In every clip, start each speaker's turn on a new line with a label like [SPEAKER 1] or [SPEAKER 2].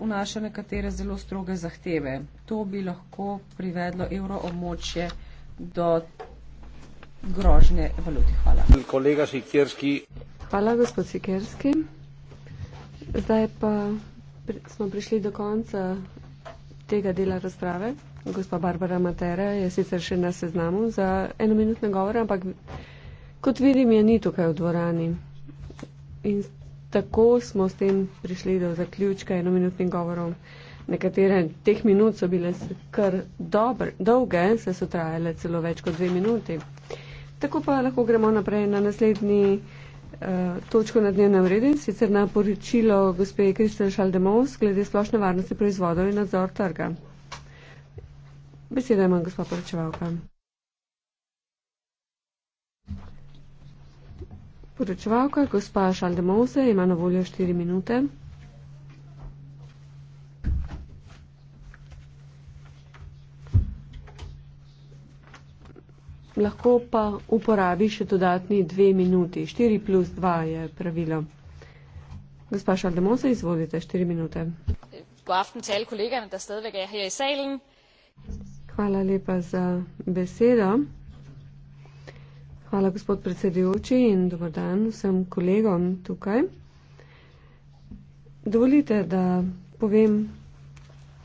[SPEAKER 1] vnaša nekatere zelo stroge zahteve. To bi lahko privedlo evroobmočje do grožnje valuti. Hvala. Kolega Sikerski. Hvala, gospod Sikerski. Zdaj pa pri, smo prišli do konca tega dela razprave. Gospa Barbara Matera je sicer še na seznamu za enominutne govore, ampak kot vidim, je ni tukaj v dvorani. In tako smo s tem prišli do zaključka enominutnih govorov. Nekatere teh minut so bile kar dobre, dolge, se so trajale celo več kot dve minuti. Tako pa lahko gremo naprej na naslednji uh, točko na dnevnem redu in sicer na poročilo gospe Kristel Šaldemovs glede splošne varnosti proizvodov in nadzor trga. Beseda ima gospa poročevalka. Poročevalka, gospa Šaldemovze, ima na voljo 4 minute. Lahko pa uporabi še dodatni dve minuti. 4 plus 2 je pravilo. Gospa Šaldemovze, izvolite 4 minute. Aften, kolegane, da je her i salen. Hvala lepa za besedo. Hvala, gospod predsedujoči in dobar dan vsem kolegom tukaj. Dovolite, da povem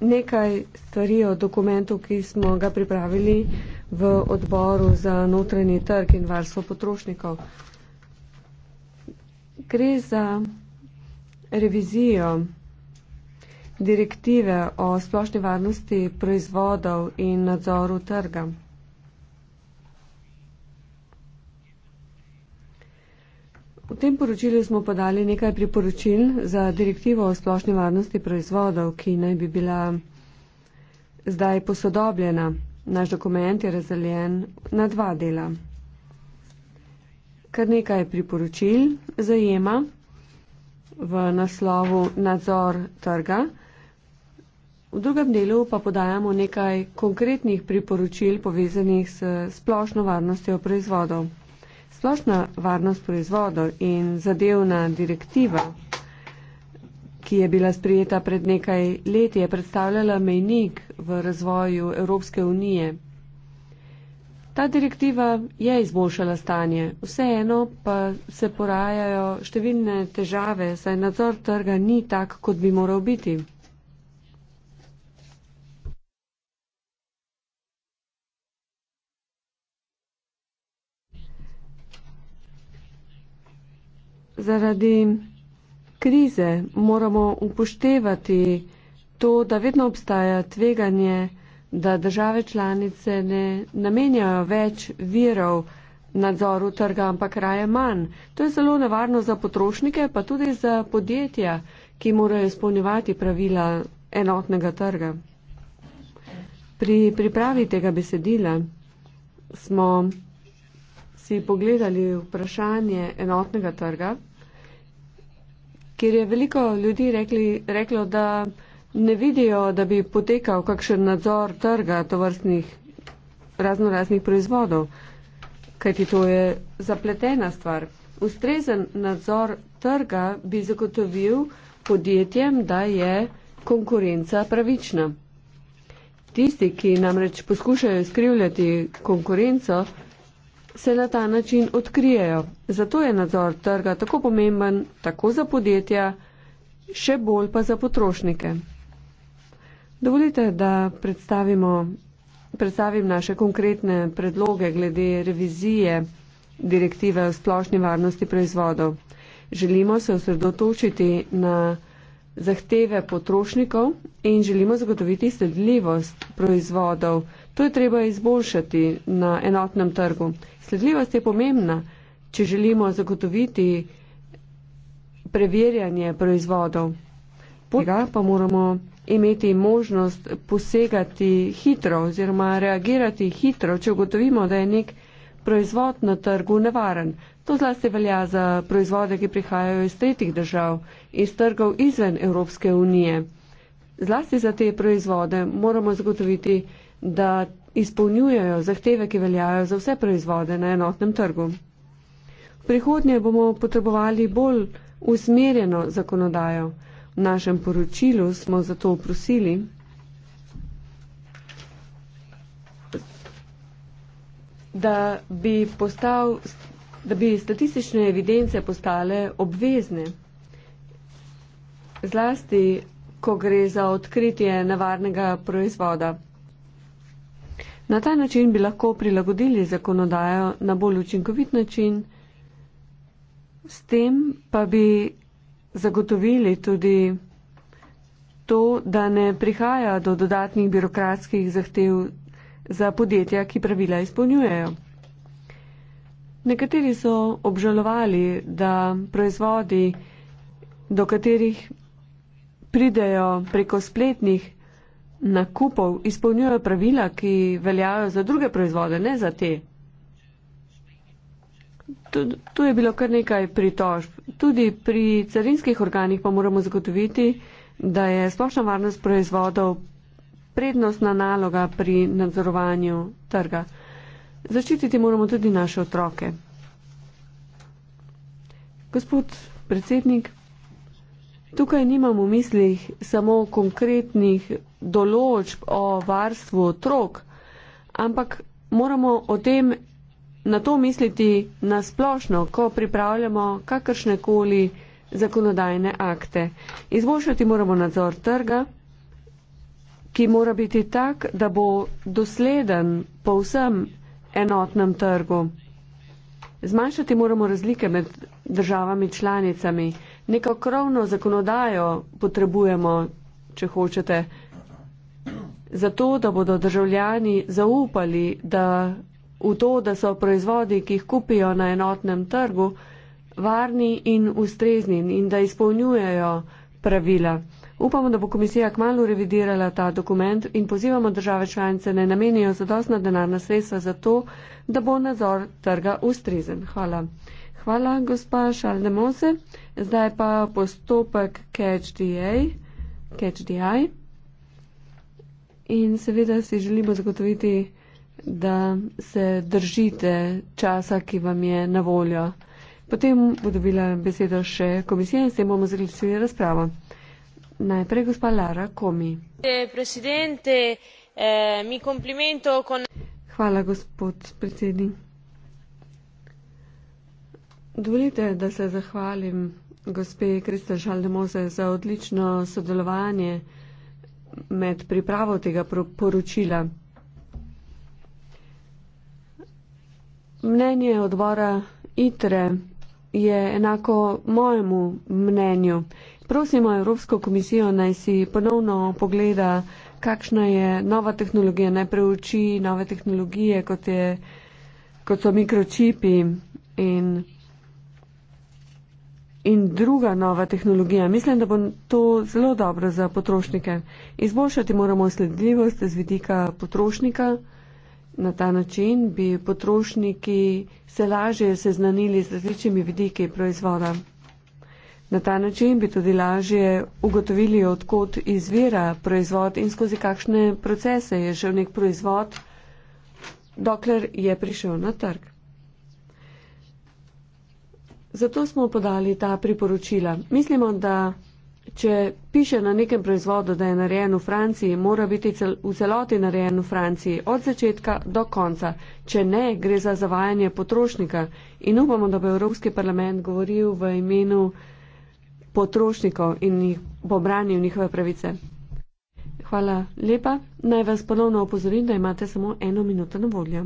[SPEAKER 1] nekaj stvari o dokumentu, ki smo ga pripravili v odboru za notranji trg in varstvo potrošnikov. Gre za revizijo direktive o splošni varnosti proizvodov in nadzoru trga. V tem poročilu smo podali nekaj priporočil za direktivo o splošni varnosti proizvodov, ki naj bi bila zdaj posodobljena. Naš dokument je razdeljen na dva dela. Kar nekaj priporočil zajema v naslovu nadzor trga. V drugem delu pa podajamo nekaj konkretnih priporočil povezanih s splošno varnostjo proizvodov. Splošna varnost proizvodov in zadevna direktiva, ki je bila sprijeta pred nekaj leti, je predstavljala mejnik v razvoju Evropske unije. Ta direktiva je izboljšala stanje, vseeno pa se porajajo številne težave, saj nadzor trga ni tak, kot bi moral biti. zaradi krize moramo upoštevati to, da vedno obstaja tveganje, da države članice ne namenjajo več virov nadzoru trga, ampak raje manj. To je zelo nevarno za potrošnike, pa tudi za podjetja, ki morajo izpolnjevati pravila enotnega trga. Pri pripravi tega besedila smo si pogledali vprašanje enotnega trga kjer je veliko ljudi rekli, reklo, da ne vidijo, da bi potekal kakšen nadzor trga tovrstnih raznoraznih proizvodov, kajti to je zapletena stvar. Ustrezen nadzor trga bi zagotovil podjetjem, da je konkurenca pravična. Tisti, ki namreč poskušajo skrivljati konkurenco, se na ta način odkrijejo. Zato je nadzor trga tako pomemben, tako za podjetja, še bolj pa za potrošnike. Dovolite, da predstavim naše konkretne predloge glede revizije direktive o splošni varnosti proizvodov. Želimo se osredotočiti na zahteve potrošnikov in želimo zagotoviti sledljivost proizvodov. To je treba izboljšati na enotnem trgu. Sledljivost je pomembna, če želimo zagotoviti preverjanje proizvodov. Potega pa moramo imeti možnost posegati hitro oziroma reagirati hitro, če ugotovimo, da je nek proizvod na trgu nevaren. To zlasti velja za proizvode, ki prihajajo iz tretjih držav, iz trgov izven Evropske unije. Zlasti za te proizvode moramo zagotoviti, da izpolnjujejo zahteve, ki veljajo za vse proizvode na enotnem trgu. V prihodnje bomo potrebovali bolj usmerjeno zakonodajo. V našem poročilu smo zato prosili. da bi postal da bi statistične evidence postale obvezne, zlasti, ko gre za odkritje navarnega proizvoda. Na ta način bi lahko prilagodili zakonodajo na bolj učinkovit način, s tem pa bi zagotovili tudi to, da ne prihaja do dodatnih birokratskih zahtev za podjetja, ki pravila izpolnjujejo. Nekateri so obžalovali, da proizvodi, do katerih pridejo preko spletnih nakupov, izpolnjujejo pravila, ki veljajo za druge proizvode, ne za te. Tu, tu je bilo kar nekaj pritožb. Tudi pri carinskih organih pa moramo zagotoviti, da je splošna varnost proizvodov prednostna naloga pri nadzorovanju trga. Zaščititi moramo tudi naše otroke. Gospod predsednik, tukaj nimam v mislih samo konkretnih določb o varstvu otrok, ampak moramo o tem na to misliti nasplošno, ko pripravljamo kakršne koli zakonodajne akte. Izboljšati moramo nadzor trga ki mora biti tak, da bo dosleden po vsem enotnem trgu. Zmanjšati moramo razlike med državami članicami. Neko krovno zakonodajo potrebujemo, če hočete, zato, da bodo državljani zaupali, da v to, da so proizvodi, ki jih kupijo na enotnem trgu, varni in ustrezni in da izpolnjujejo pravila. Upamo, da bo komisija kmalo revidirala ta dokument in pozivamo države članice, da namenijo zadostna denarna sredstva za to, da bo nadzor trga ustrezen. Hvala. Hvala, gospa Šaldemose. Zdaj pa postopek CatchDA. Catch in seveda si želimo zagotoviti, da se držite časa, ki vam je na voljo. Potem bo dobila besedo še komisija in s tem bomo zaključili razpravo. Najprej gospa Lara Komi. Eh, eh, Hvala, gospod predsednik. Dovolite, da se zahvalim gospe Kristel Šaldemose za odlično sodelovanje med pripravo tega poročila. Mnenje odbora ITRE je enako mojemu mnenju Prosimo Evropsko komisijo, naj si ponovno pogleda, kakšna je nova tehnologija, naj preuči nove tehnologije, kot, je, kot so mikročipi in, in druga nova tehnologija. Mislim, da bo to zelo dobro za potrošnike. Izboljšati moramo sledljivost z vidika potrošnika. Na ta način bi potrošniki se lažje seznanili z različnimi vidiki proizvoda. Na ta način bi tudi lažje ugotovili, odkot izvira proizvod in skozi kakšne procese je šel nek proizvod, dokler je prišel na trg. Zato smo podali ta priporočila. Mislimo, da če piše na nekem proizvodu, da je narejen v Franciji, mora biti cel, v celoti narejen v Franciji od začetka do konca. Če ne, gre za zavajanje potrošnika in upamo, da bo Evropski parlament govoril v imenu potrošnikov in jih obranil njihove pravice. Hvala lepa. Naj vas ponovno opozorim, da imate samo eno minuto na voljo.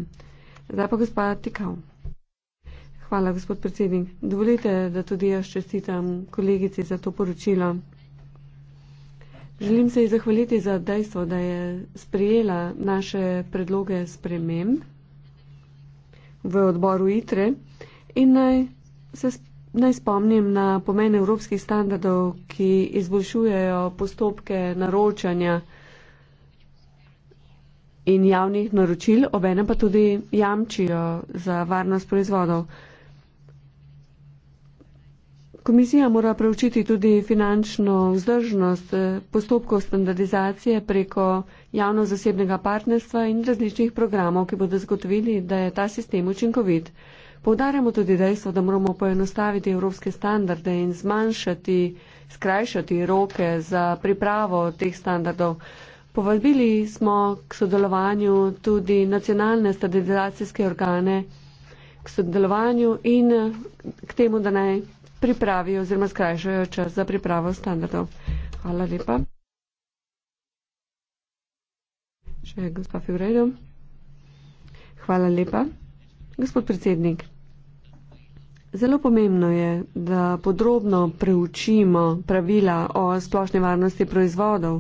[SPEAKER 1] Zdaj pa gospod Tikal. Hvala, gospod predsednik. Dovolite, da tudi jaz čestitam kolegici za to poročilo. Želim se ji zahvaliti za dejstvo, da je sprejela naše predloge sprememb v odboru ITRE in naj se spremljala. Naj spomnim na pomen evropskih standardov, ki izboljšujejo postopke naročanja in javnih naročil, obenem pa tudi jamčijo za varnost proizvodov. Komisija mora preučiti tudi finančno vzdržnost postopkov standardizacije preko javno-zasebnega partnerstva in različnih programov, ki bodo zagotovili, da je ta sistem učinkovit. Povdarjamo tudi dejstvo, da moramo poenostaviti evropske standarde in zmanjšati, skrajšati roke za pripravo teh standardov. Povabili smo k sodelovanju tudi nacionalne standardizacijske organe, k sodelovanju in k temu, da naj pripravijo oziroma skrajšajo čas za pripravo standardov. Hvala lepa. Še gospod Fibredo. Hvala lepa. Gospod predsednik. Zelo pomembno je, da podrobno preučimo pravila o splošni varnosti proizvodov.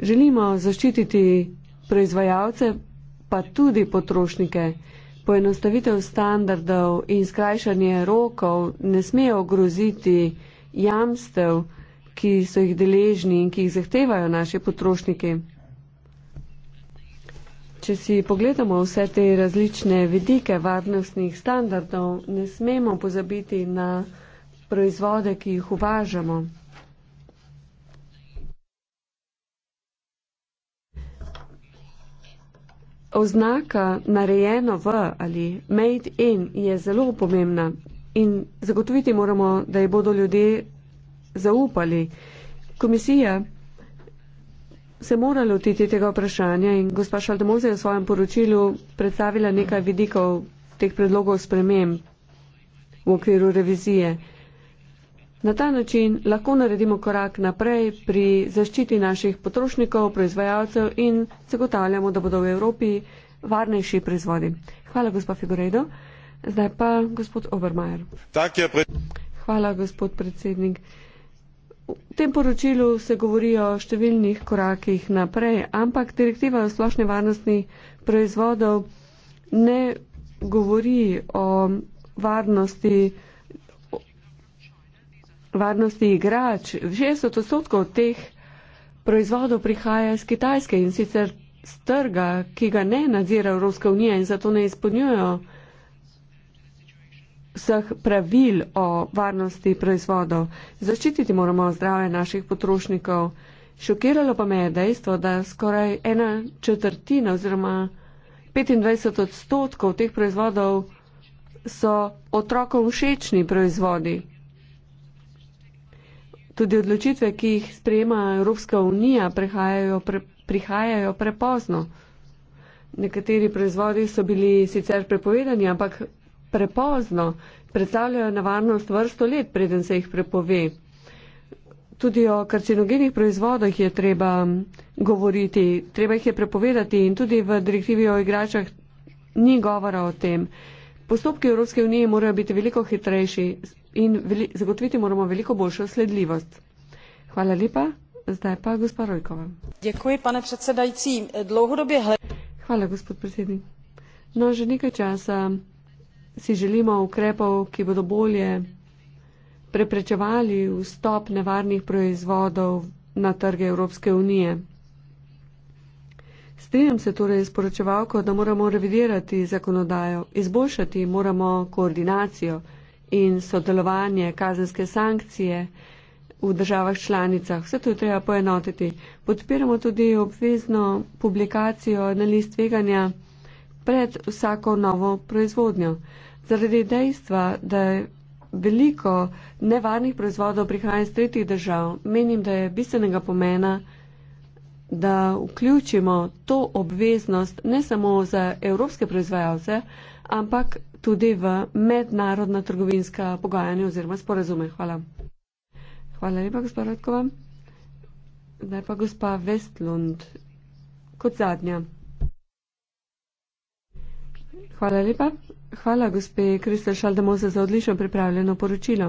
[SPEAKER 1] Želimo zaščititi proizvajalce, pa tudi potrošnike. Poenostavitev standardov in skrajšanje rokov ne smejo ogroziti jamstev, ki so jih deležni in ki jih zahtevajo naši potrošniki če si pogledamo vse te različne vidike varnostnih standardov, ne smemo pozabiti na proizvode, ki jih uvažamo. Oznaka narejeno v ali made in je zelo pomembna in zagotoviti moramo, da jo bodo ljudje zaupali. Komisija se mora lotiti tega vprašanja in gospa Šaldemoze je v svojem poročilu predstavila nekaj vidikov teh predlogov sprememb v okviru revizije. Na ta način lahko naredimo korak naprej pri zaščiti naših potrošnikov, proizvajalcev in zagotavljamo, da bodo v Evropi varnejši proizvodi. Hvala, gospa Figurejdo. Zdaj pa gospod Obermajer. Hvala, gospod predsednik. V tem poročilu se govori o številnih korakih naprej, ampak direktiva o splošni varnosti proizvodov ne govori o varnosti, varnosti igrač. 60 odstotkov teh proizvodov prihaja iz Kitajske in sicer z trga, ki ga ne nadzira Evropska unija in zato ne izpolnjujejo vseh pravil o varnosti proizvodov. Zaščititi moramo zdrave naših potrošnikov. Šokiralo pa me je dejstvo, da skoraj ena četrtina oziroma 25 odstotkov teh proizvodov so otrokom všečni proizvodi. Tudi odločitve, ki jih sprejema Evropska unija, prihajajo, pre, prihajajo prepozno. Nekateri proizvodi so bili sicer prepovedani, ampak prepozno, predstavljajo nevarnost vrsto let, preden se jih prepove. Tudi o karcinogenih proizvodih je treba govoriti, treba jih je prepovedati in tudi v direktivi o igračah ni govora o tem. Postopki Evropske unije morajo biti veliko hitrejši in veli zagotoviti moramo veliko boljšo sledljivost. Hvala lepa. Zdaj pa gospa Rojkova. Děkuji, pane predsedajci. Dlouhodobě hled... Hvala, gospod predsednik. No, že nekaj časa si želimo ukrepov, ki bodo bolje preprečevali vstop nevarnih proizvodov na trge Evropske unije. Strinjam se torej s poročevalko, da moramo revidirati zakonodajo, izboljšati moramo koordinacijo in sodelovanje kazenske sankcije v državah članicah. Vse to je treba poenotiti. Podpiramo tudi obvezno publikacijo na list veganja pred vsako novo proizvodnjo. Zaradi dejstva, da je veliko nevarnih proizvodov prihaja iz tretjih držav, menim, da je bistvenega pomena, da vključimo to obveznost ne samo za evropske proizvajalce, ampak tudi v mednarodna trgovinska pogajanja oziroma sporazume. Hvala. Hvala lepa, gospod Radkova. Zdaj pa gospa Vestlund kot zadnja. Hvala lepa. Hvala gospe Kristel Šaldemose za odlično pripravljeno poročilo.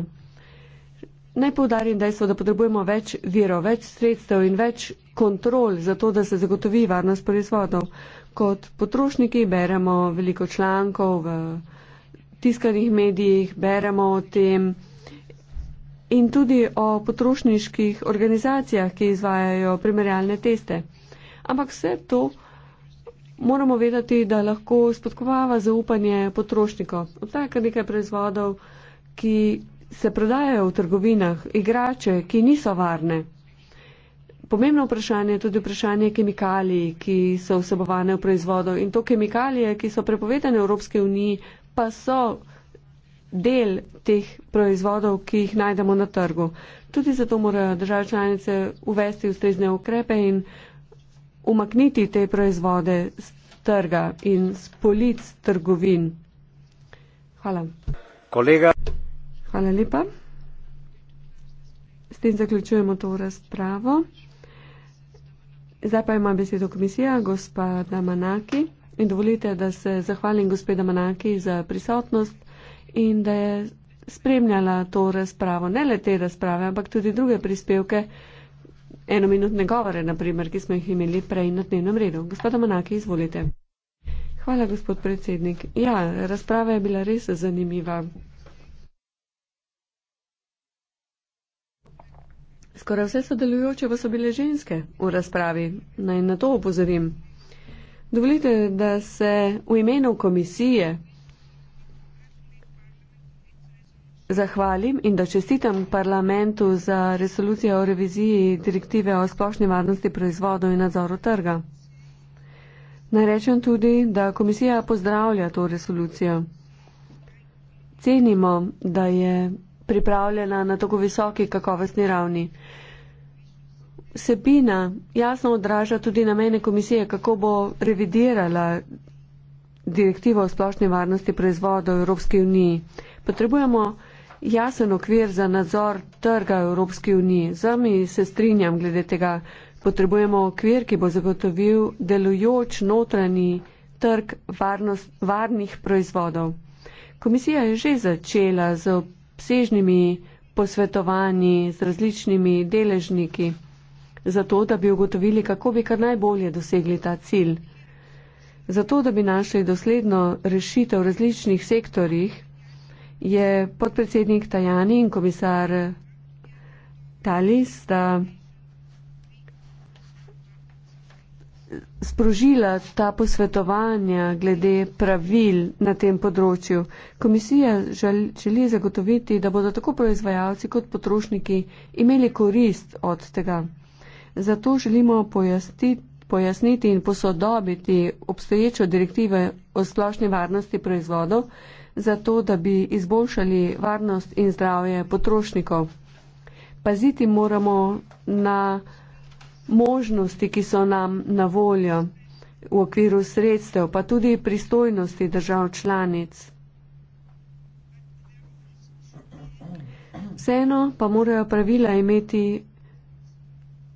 [SPEAKER 1] Naj povdarim dejstvo, da potrebujemo več virov, več sredstev in več kontrol za to, da se zagotovi varnost proizvodov. Kot potrošniki beremo veliko člankov v tiskanih medijih, beremo o tem in tudi o potrošniških organizacijah, ki izvajajo primerjalne teste. Ampak vse to moramo vedeti, da lahko spodkovava zaupanje potrošnikov. Obstaja nekaj proizvodov, ki se prodajajo v trgovinah, igrače, ki niso varne. Pomembno vprašanje je tudi vprašanje kemikalij, ki so vsebovane v proizvodu in to kemikalije, ki so prepovedane v Evropske unije, pa so del teh proizvodov, ki jih najdemo na trgu. Tudi zato morajo države članice uvesti ustrezne ukrepe in umakniti te proizvode z trga in z polic trgovin. Hvala. Kolega. Hvala lepa. S tem zaključujemo to razpravo. Zdaj pa ima besedo komisija, gospa Damanaki. In dovolite, da se zahvalim gospe Damanaki za prisotnost in da je spremljala to razpravo, ne le te razprave, ampak tudi druge prispevke enominutne govore, naprimer, ki smo jih imeli prej na dnevnem redu. Gospoda Monaki, izvolite. Hvala, gospod predsednik. Ja, razprava je bila res zanimiva. Skoraj vse sodelujoče pa so bile ženske v razpravi. Naj na to opozorim. Dovolite, da se v imenu komisije zahvalim in da čestitam parlamentu za resolucijo o reviziji direktive o splošni varnosti proizvodov in nadzoru trga. Narečem tudi, da komisija pozdravlja to resolucijo. Cenimo, da je pripravljena na tako visoki kakovostni ravni. Sebina jasno odraža tudi namene komisije, kako bo revidirala direktivo o splošni varnosti proizvodov Evropske unije. Potrebujemo jasen okvir za nadzor trga Evropske unije. Z vami se strinjam glede tega. Potrebujemo okvir, ki bo zagotovil delujoč notranji trg varnost, varnih proizvodov. Komisija je že začela z obsežnimi posvetovanji z različnimi deležniki, zato da bi ugotovili, kako bi kar najbolje dosegli ta cilj. Zato, da bi našli dosledno rešitev v različnih sektorjih, je podpredsednik Tajani in komisar Talis, da sprožila ta posvetovanja glede pravil na tem področju. Komisija žel, želi zagotoviti, da bodo tako proizvajalci kot potrošniki imeli korist od tega. Zato želimo pojasniti, pojasniti in posodobiti obstoječo direktive o splošni varnosti proizvodov, zato, da bi izboljšali varnost in zdravje potrošnikov. Paziti moramo na možnosti, ki so nam na voljo v okviru sredstev, pa tudi pristojnosti držav članic. Vseeno pa morajo pravila imeti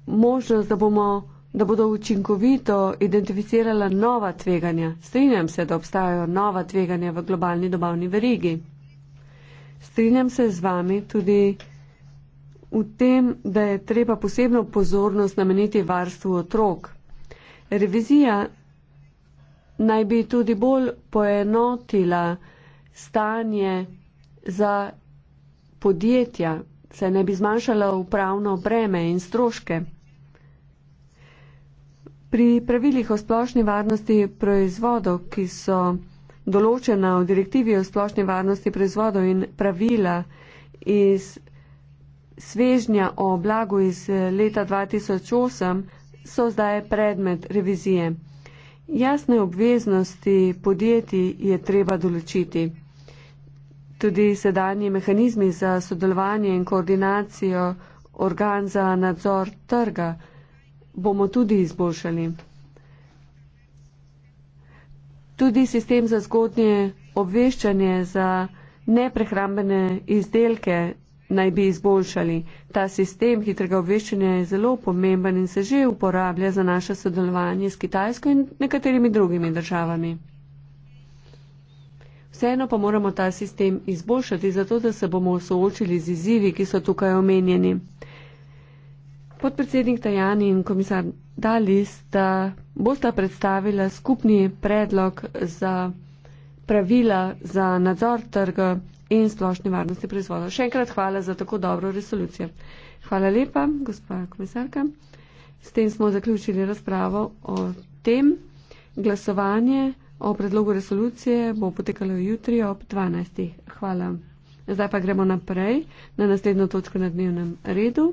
[SPEAKER 1] možnost, da bomo da bodo učinkovito identificirala nova tveganja. Strinjam se, da obstajajo nova tveganja v globalni dobavni verigi. Strinjam se z vami tudi v tem, da je treba posebno pozornost nameniti varstvu otrok. Revizija naj bi tudi bolj poenotila stanje za podjetja, se ne bi zmanjšala upravno breme in stroške. Pri pravilih o splošni varnosti proizvodov, ki so določena v direktivi o splošni varnosti proizvodov in pravila iz svežnja o blagu iz leta 2008, so zdaj predmet revizije. Jasne obveznosti podjetij je treba določiti. Tudi sedanji mehanizmi za sodelovanje in koordinacijo organ za nadzor trga bomo tudi izboljšali. Tudi sistem za zgodnje obveščanje za neprehrambene izdelke naj bi izboljšali. Ta sistem hitrega obveščanja je zelo pomemben in se že uporablja za naše sodelovanje s Kitajsko in nekaterimi drugimi državami. Vseeno pa moramo ta sistem izboljšati, zato da se bomo soočili z izzivi, ki so tukaj omenjeni. Podpredsednik Tajani in komisar Dali sta bosta predstavila skupni predlog za pravila za nadzor trga in splošne varnosti proizvodov. Še enkrat hvala za tako dobro resolucijo. Hvala lepa, gospa komisarka. S tem smo zaključili razpravo o tem. Glasovanje o predlogu resolucije bo potekalo jutri ob 12. Hvala. Zdaj pa gremo naprej na naslednjo točko na dnevnem redu.